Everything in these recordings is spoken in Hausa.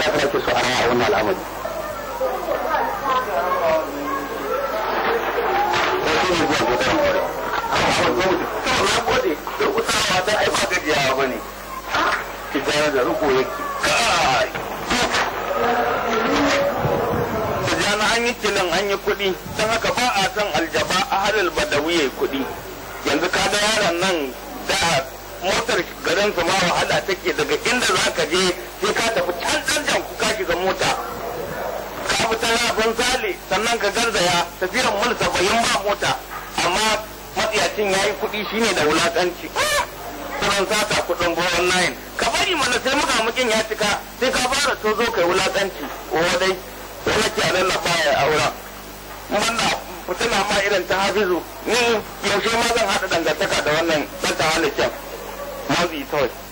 Allah ya ke so a raya a wannan al'amari da yake an yi kilin an yi kuɗi don haka ba a san aljaba a halal badawi ya kuɗi yanzu ka da nan da motar garin su ma wahala take daga inda za ka je sai ka tafi can can ku ka shiga mota ka fita na sannan ka garzaya tafiyar mulsa saba'in ba mota amma matsiyacin ya yi kuɗi shine da wulaƙanci kuɗin sata kuɗin bawan nayin ka bari mana sai muka mukin ya cika sai ka fara tozo kai wulaƙanci ko dai sai nake a nan baya aura wanda mutum ma irin ta hafizu ni yaushe ma zan haɗa dangantaka da wannan ɗan ta halittar matsi kawai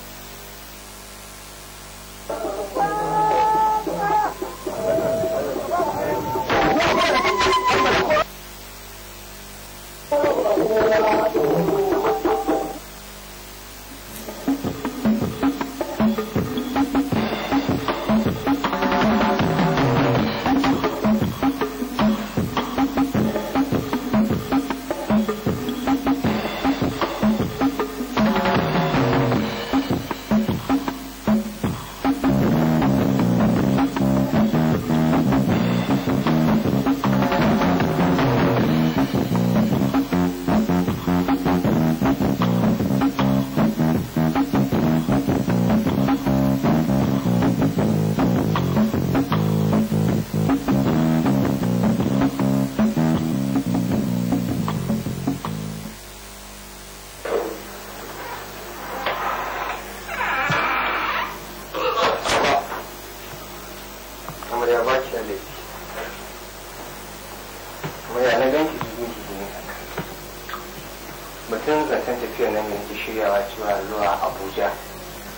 shiryawa cewa zuwa abuja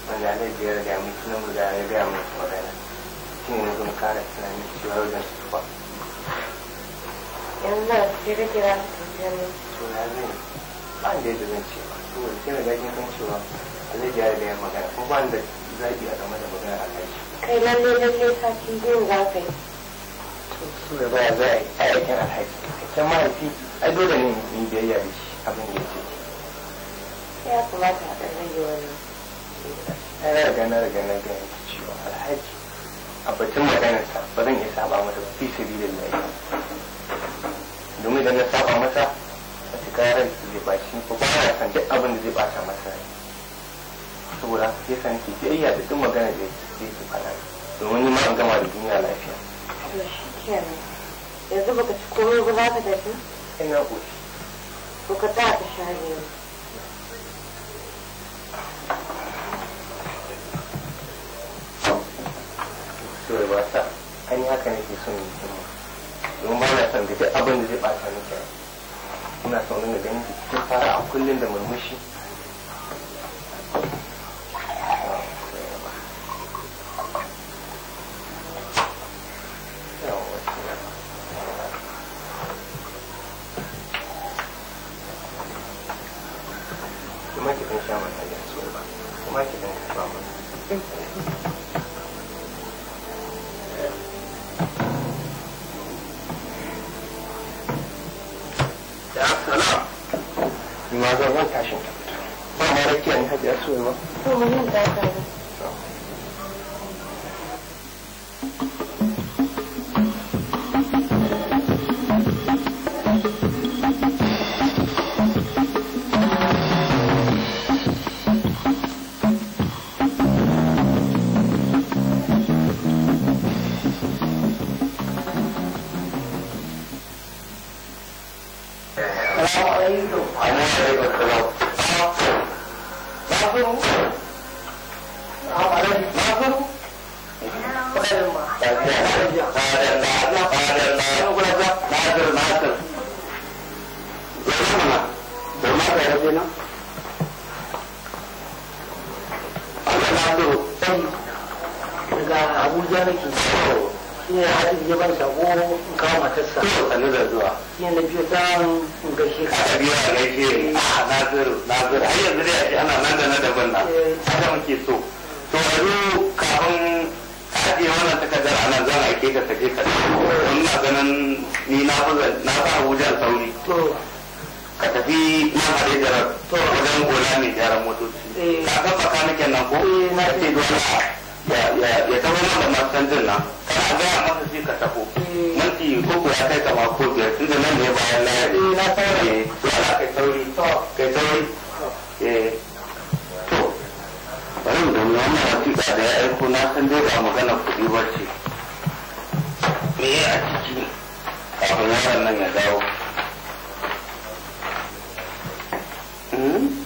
wanda na biyar da mu suna mu da ya gaya mu magana shi ne zan kara tunanin cewa wajen su kuwa yanzu da sai ka kira su tunanin tuna zai ba da zan cewa ba wani sai da gajin kan cewa a zai alhaji ya gaya magana kuma ba da zaɓi a game da magana alhaji kai lalle lalle sati biyu za ka yi su da baya za a yi aikin alhaji kyakkyawan mahaifi ai dole ne in biyayya da shi abin da ya ce ya kamata a ɗan rage wannan na riga na riga na gani ta cewa alhaji a batun maganarsa ba zan iya saba mata fi sabilin lai domin idan na saba masa a tikarar zai baci ko ba kuma yana san duk abin da zai bata masa saboda ya san ke biyayya da duk maganar da zai fi fara domin ni ma an gama da duniya lafiya yanzu baka ci komai ba za ka tafi ina ƙoshi ko ka ta ka share cewa ba sa an yi haka nake son yi kuma don ba na son da duk abin da zai ɓata nufi ina son nuna ganin cikin fara a kullum da murmushi ma zan wanka ba ma rakiyar suwa ba. abuja nake shi a biyo eh. ah, yanzu eh. to yanzu kafin ajiye wannan ta kadar a nan a ke ta take ka don na ganin ni na fi na fi abuja sauri ka tafi na fare da to wajen gona mai gyaran motoci eh. ka kafa kanikin nan ko eh, na ce dole ya taho da masu jin nan kana gaya masa shi ka taho minti eh. ko ko ya kai kama ko biyar tunda nan ne bayan layar ne na sauri to ala kai sauri kai sauri yau da wannan wasiƙa da ya aiko na san dai ba magana kuɗi ba ce me ya a ciki kafin yaron nan ya dawo hmm?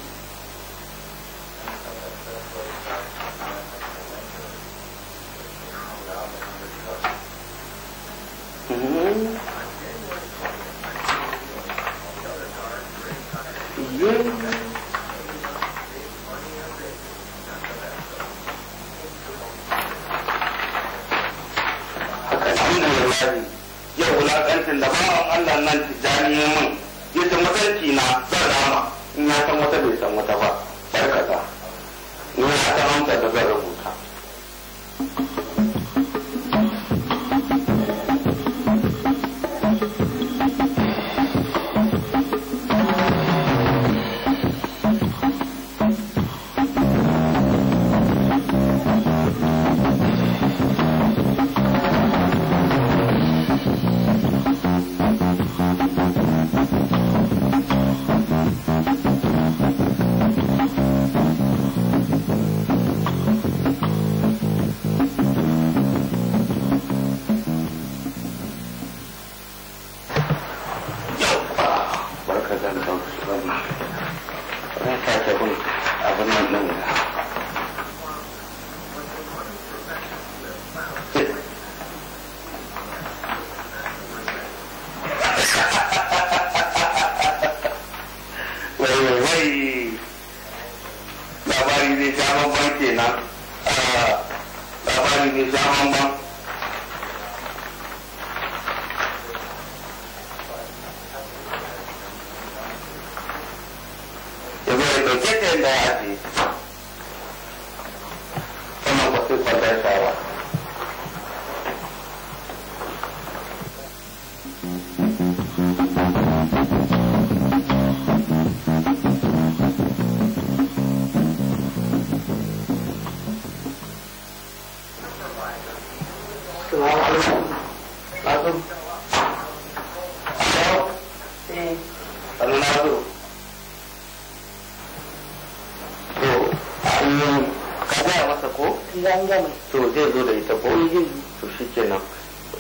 an gama to zai zo da ita ko yi to shi kenan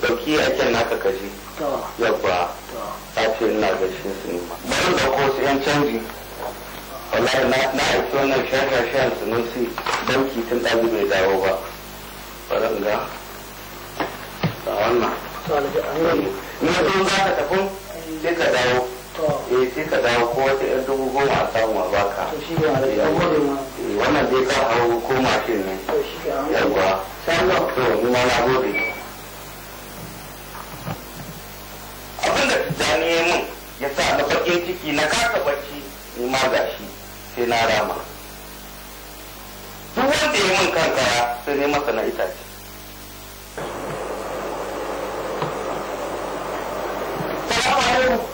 dauki yakin naka kaji yabba ta ce ina da shi su ne bari da ko su yan canji wallahi na na aiki wannan shaka shayan su nan banki tun ɗazu bai dawo ba bari ga wannan ne sai ka dawo eh sai ka dawo ko wata yan dubu goma a samu a baka eh, wannan dai ka hau ko mashin ne yawa to ni ma na gode abin da tijjani ya mun ya sa na bakin ciki na kasa bacci ni ma gashi sai na rama duk wanda ya mun kankara sai ne masa na itace Thank you.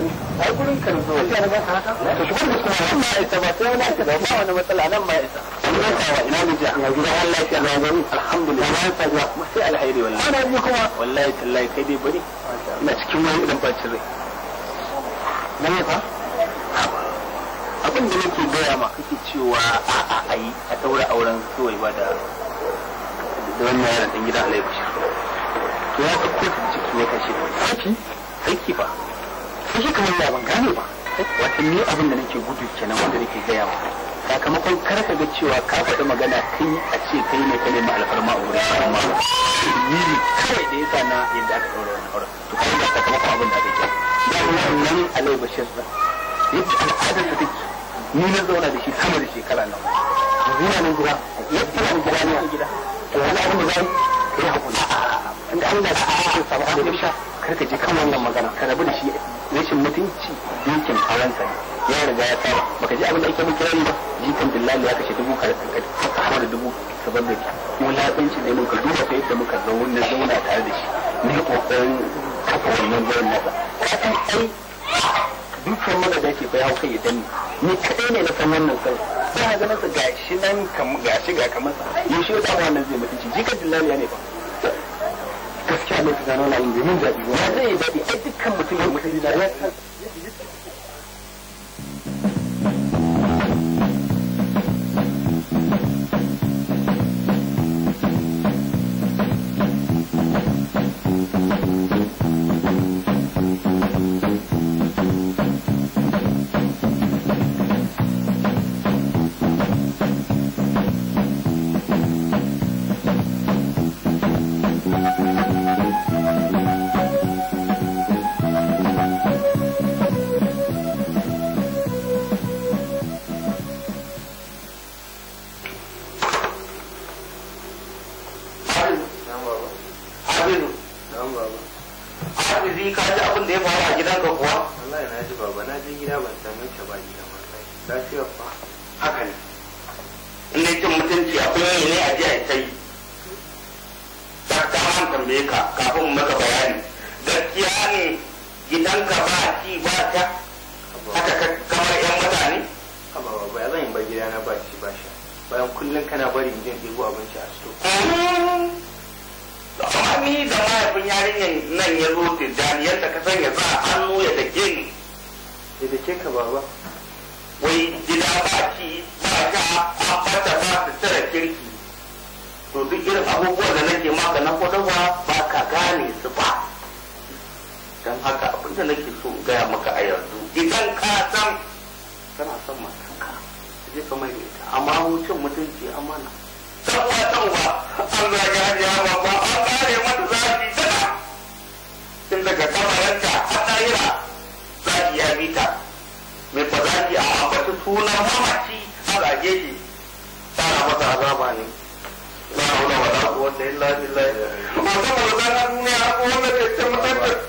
gani ai gurin ka zo ya nan ina ya dai abin da nake gaya ma kake cewa a a ayi a daura auren kawai ba da da yaran dan gidan Allah to ya ka kuka ciki shi kamar ya ban gane ba wata ni abin da nake gudu kenan wanda nake gaya wa sakamakon kar ka ga cewa ka faɗi magana kai a ce kai ne ka nemi alfarma a wurin shirin mako dalili kawai da yasa na yadda aka ɗaura wani auren to kai da sakamakon abin da aka yi ya kuma nan alai bashir da yadda al'adar ta take ni na zauna da shi sama da shekara nan zuwa nan gida yadda nan gida ne to wani abin da zai kai hakuri inda Allah ya samu abin da sha karka je kan wannan magana ka rabu da shi rashin mutunci dukin aurensa ya riga ya saba baka ji abin da ake miki ba jikan dillali ya kashe dubu kankan ka hawa da dubu saban da ko wulaƙanci da muka duba ta yadda muka zauna zauna tare da shi ne kokarin kafa wannan gurin nasa ka san ai dukkan mana da ke bai kai ya danne ni kadai ne na san wannan sai ba ga nasa gashi nan gashi ga kamar sa yaushe ya samu wannan zai mutunci jikan ya ne ba ne su gano na yin domin zaɓi zai yi daɗi ai dukkan mutum ya mutu da ya haka haka kamar yan mutane amma ba zan yi ba gida na ba shi ba sha bayan kullum kana bari jin ɗebo abinci a sto to amma ni da mahaifin yarinyar nan ya zo tijjani yadda ka san ya sa hannu ya da ni ya dake ka baba wai gida ba ci ba sha an fata ba su cire kirki to duk irin abubuwan da nake maka na kwadawa ba ka gane su ba don haka abin da nake so gaya maka a yanzu idan ka san kana son matanka je ka mai ta amma wucin mutunci amana sabuwa Allah an zage hajiya babba an kare mata zafi tana tun daga kamaranta a tsayira zaki ya bi ta mai fa zaki a ambata suna mamaci a zage shi tana masa azaba ne la haula wala quwwata illa billah mutum da zaka duniya ko wanda ke mutunta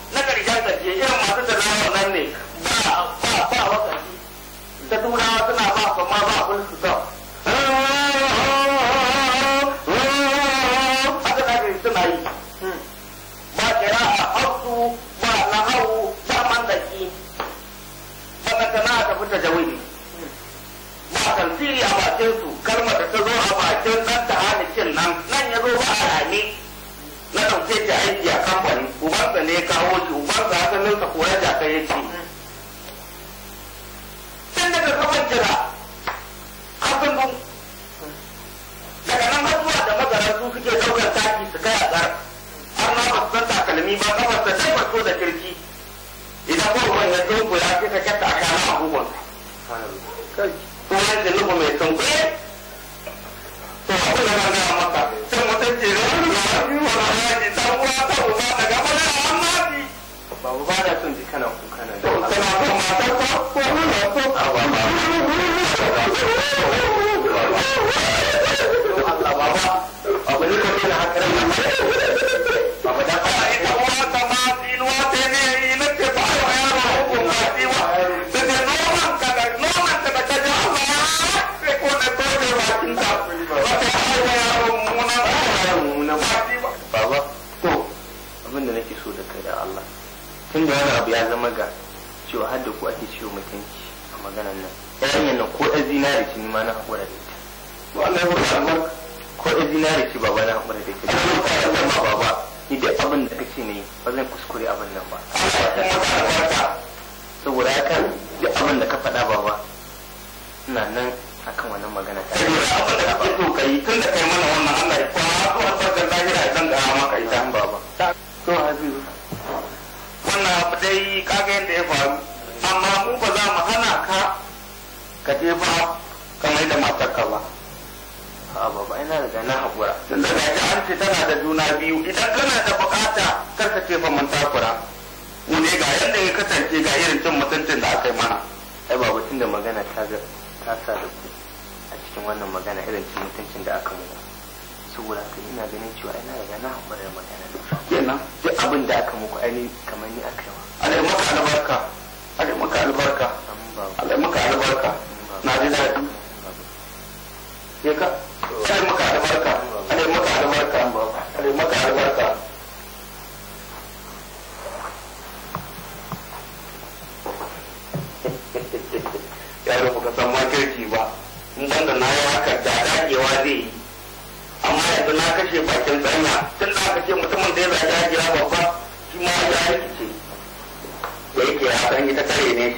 na ƙarshen tafiye irin masu da nawa nan ne ba ba ba wakati da turawa suna ba su ma ba kun su sau haka ta gari suna yi ba kira a hausu ba na hau ba mandaki ba na tana ta fita jawili ba tantiri a bakin su kalmar da ta zo a bakin ɗan ta hana cin nan nan ya zo ba a rame wacce ta aiki a kamfani ubansa ne kawo shi ubansa asalin ka kora da kai yake da ka kafa kira kafin dun daga nan har zuwa da mazarar su suke daukar taki su kai a tsar har ma ba su san takalmi ba kafar ta sai ba so da kirki idan ko ruwan ya zo ko ya sai ka kyata a kana abubuwan ka. Tunan da nufa mai tunkuye, to abin da na gaya maka ku ake ciwo mutunci a maganar nan yayin nan ko ɗan zinari ce ma na haƙura da ita ba wallahi ba Allah ko ɗan zinari ce baba na haƙura da ita ba Allah ma baba ni da abin da kace ne ba zan kuskure abin nan ba saboda haka da abin da ka faɗa ba ba ina nan akan wannan magana ta yi abin da kake so kai tun da kai mana wannan Allah ya kwana ko sarkar zahira zan ga maka ita ba ba to hazi wannan abu dai kaga yadda ya faru amma mu ba za mu hana ka ka je ba kamar da matarka ba a baba ina da na haƙura tunda da ga an ce tana da juna biyu idan kana da bukata kar ka ce ba mun takura mu ne ga yadda ya kasance ga irin cin mutuncin da aka yi mana ai baba tunda magana ta ta sa da ku a cikin wannan magana irin cin mutuncin da aka muku saboda ka ina ganin cewa ina da na haƙura da magana kenan duk abin da aka muku ainihin kamar ni aka yi wa alai maka albarka Allah maka albarka Allah maka albarka na ji daɗi ya ka Allah maka albarka Allah maka albarka Allah maka albarka yaro baka san makirki ba in san da na yi haka da dakewa zai yi amma yanzu na kashe bakin tsanya tun da aka ce mutumin da ya zaga ya babba shi ma ya rikice yake ya faɗan ita tare ne